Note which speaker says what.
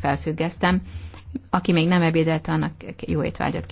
Speaker 1: felfüggesztem. Aki még nem ebédelt, annak jó étvágyat